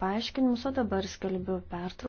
paaiškinimus, o dabar skelbiu pertrauką.